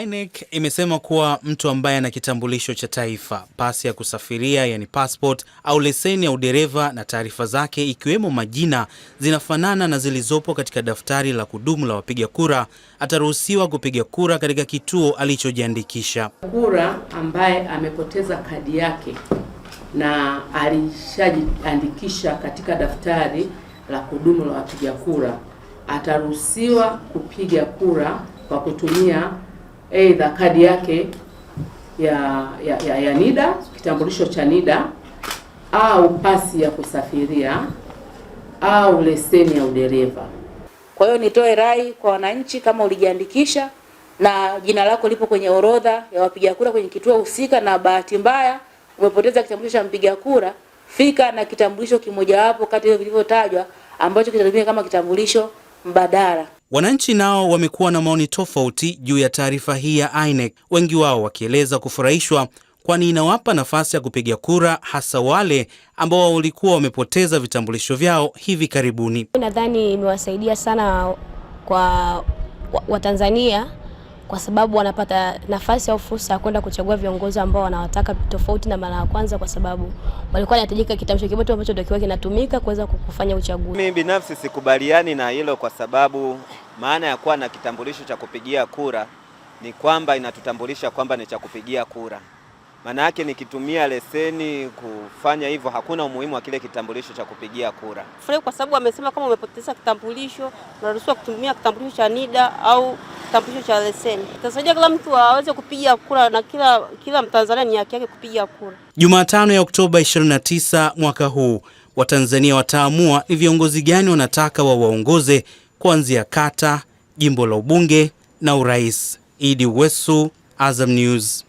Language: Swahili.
INEC imesema kuwa mtu ambaye ana kitambulisho cha taifa, pasi ya kusafiria yani passport, au leseni ya udereva na taarifa zake ikiwemo majina zinafanana na zilizopo katika daftari la kudumu la wapiga kura ataruhusiwa kupiga kura katika kituo alichojiandikisha. Kura ambaye amepoteza kadi yake na alishajiandikisha katika daftari la kudumu la wapiga kura ataruhusiwa kupiga kura kwa kutumia aidha kadi yake ya ya, ya, ya NIDA, kitambulisho cha NIDA au pasi ya kusafiria au leseni ya udereva. Kwa hiyo nitoe rai kwa wananchi, kama ulijiandikisha na jina lako lipo kwenye orodha ya wapiga kura kwenye kituo husika, na bahati mbaya umepoteza kitambulisho cha mpiga kura, fika na kitambulisho kimojawapo kati ya vilivyotajwa ambacho kitatumika kama kitambulisho mbadala. Wananchi nao wamekuwa na maoni tofauti juu ya taarifa hii ya INEC, wengi wao wakieleza kufurahishwa kwani inawapa nafasi ya kupiga kura hasa wale ambao walikuwa wamepoteza vitambulisho vyao hivi karibuni. Nadhani imewasaidia sana kwa Watanzania kwa sababu wanapata nafasi au fursa ya kwenda kuchagua viongozi ambao wanawataka tofauti na mara ya kwanza, kwa sababu walikuwa wanahitajika kitambulisho kimoja ambacho ndio kiwa kinatumika kuweza kufanya uchaguzi. Mimi binafsi sikubaliani na hilo kwa sababu maana ya kuwa na kitambulisho cha kupigia kura ni kwamba inatutambulisha kwamba ni cha kupigia kura. Maana yake nikitumia leseni kufanya hivyo, hakuna umuhimu wa kile kitambulisho cha kupigia kura. Furahi kwa sababu amesema kama umepoteza kitambulisho, unaruhusiwa kutumia kitambulisho cha NIDA au kitambulisho cha leseni. Itasaidia kila mtu aweze kupiga kura na kila kila Mtanzania ni haki yake kupiga kura. Jumatano ya Oktoba 29 mwaka huu Watanzania wataamua ni viongozi gani wanataka wawaongoze kuanzia kata, jimbo la ubunge na urais. Idi Wesu, Azam News.